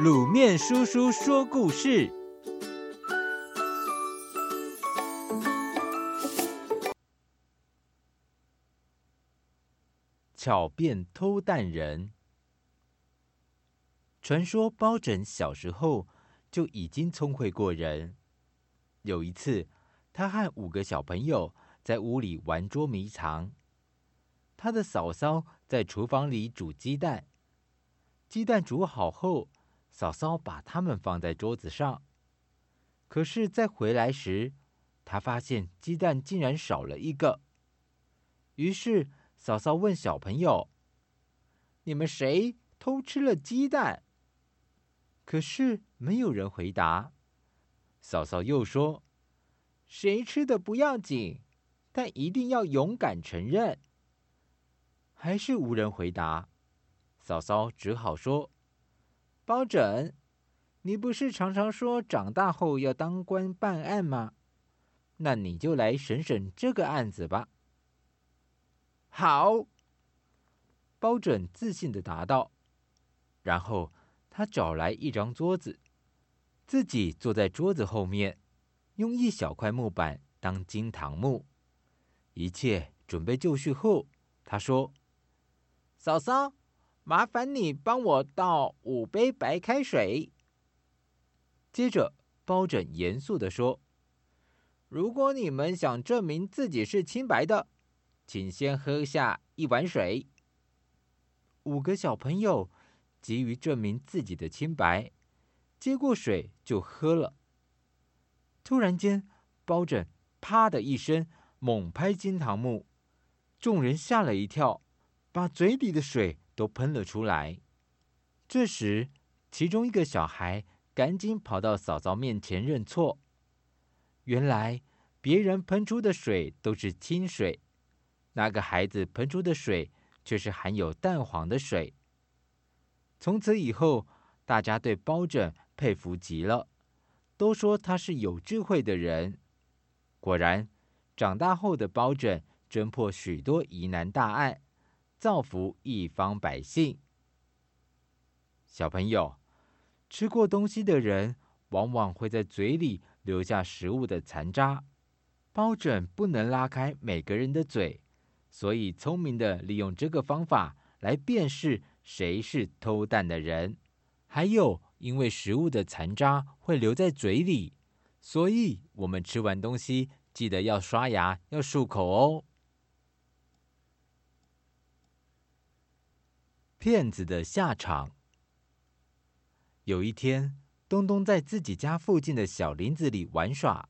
滷麵叔叔說故事：巧辨偷蛋人。傳說包拯小時候就已經聰慧過人。有一次，他和五個小朋友在屋裡玩捉迷藏，他的嫂嫂在廚房裡煮雞蛋，雞蛋煮好後。嫂嫂把它們放在桌子上，可是在回來時，她發現雞蛋竟然少了一個。於是嫂嫂問小朋友：“你們誰偷吃了雞蛋？”可是沒有人回答。嫂嫂又說：“誰吃的不要緊，但一定要勇敢承認。”還是無人回答，嫂嫂只好說。包拯，你不是常常說長大後要當官辦案嗎？那你就來審審這個案子吧。好，包拯自信地答道。然後他找來一張桌子，自己坐在桌子後面，用一小塊木板當驚堂木。一切準備就緒後，他說：“嫂嫂。”麻煩你幫我倒五杯白開水。接着，包拯嚴肅地說：“如果你們想證明自己是清白的，請先喝下一碗水。”五個小朋友急於證明自己的清白，接過水就喝了。突然間，包拯“啪”的一聲猛拍驚堂木，眾人嚇了一跳，把嘴裡的水。都噴了出來。這時，其中一個小孩趕緊跑到嫂嫂面前認錯。原來，別人噴出的水都是清水，那個孩子噴出的水卻是含有蛋黃的水。從此以後，大家對包拯佩服極了，都說他是有智慧的人。果然，長大後的包拯偵破許多疑難大案。造福一方百姓。小朋友，吃過東西的人，往往會在嘴裡留下食物的殘渣。包拯不能拉開每個人的嘴，所以聰明地利用這個方法來辨識誰是偷蛋的人。還有，因為食物的殘渣會留在嘴裡，所以我們吃完東西記得要刷牙、要漱口哦。騙子的下場。有一天，東東在自己家附近的小林子裡玩耍，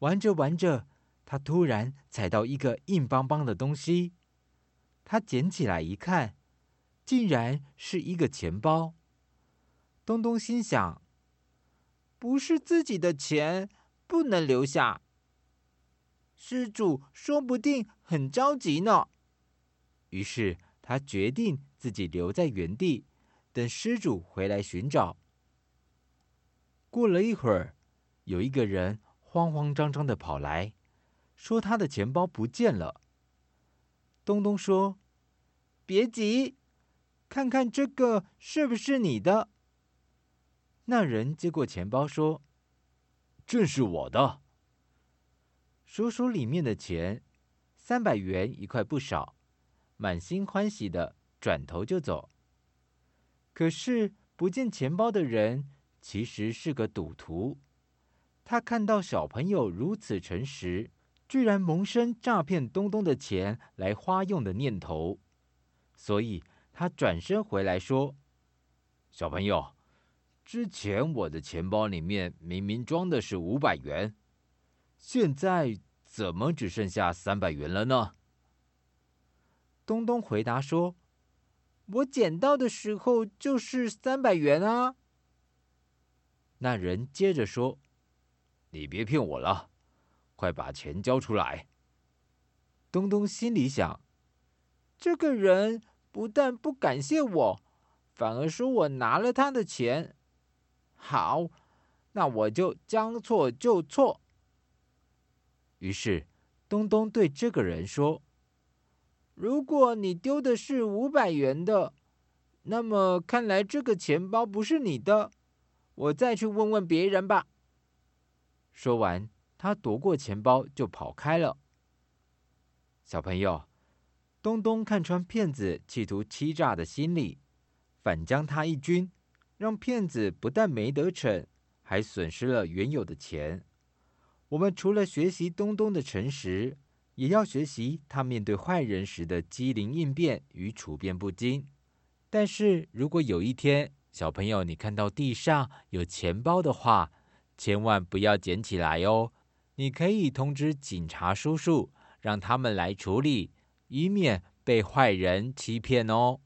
玩着玩着，他突然踩到一個硬邦邦的東西。他撿起來一看，竟然是一個錢包。東東心想：不是自己的錢，不能留下。失主說不定很着急呢。於是。他決定自己留在原地，等失主回來尋找。過了一會兒，有一個人慌慌張張地跑來，說他的錢包不見了。東東說：“別急，看看這個是不是你的。”那人接過錢包說：“這是我的。”數數裡面的錢，三百元一塊不少。滿心歡喜的轉頭就走。可是不見錢包的人其實是個賭徒，他看到小朋友如此誠實，居然萌生詐騙東東的錢來花用的念頭，所以他轉身回來說：“小朋友，之前我的錢包裡面明明裝的是五百元，現在怎麼只剩下三百元了呢？”東東回答說：“我撿到的時候就是三百元啊。”那人接着說：“你別騙我了，快把錢交出來。”東東心裡想：“這個人不但不感謝我，反而說我拿了他的錢。好，那我就將錯就錯。”於是，東東對這個人說。如果你丟的是五百元的，那麼看來這個錢包不是你的，我再去問問別人吧。說完，他奪過錢包就跑開了。小朋友，東東看穿騙子企圖欺詐的心理，反將他一軍，讓騙子不但沒得逞，還損失了原有的錢。我們除了學習東東的誠實，也要學習他面對壞人時的機靈應變與處變不驚。但是如果有一天小朋友你看到地上有錢包的話，千萬不要撿起來哦。你可以通知警察叔叔，讓他們來處理，以免被壞人欺騙哦。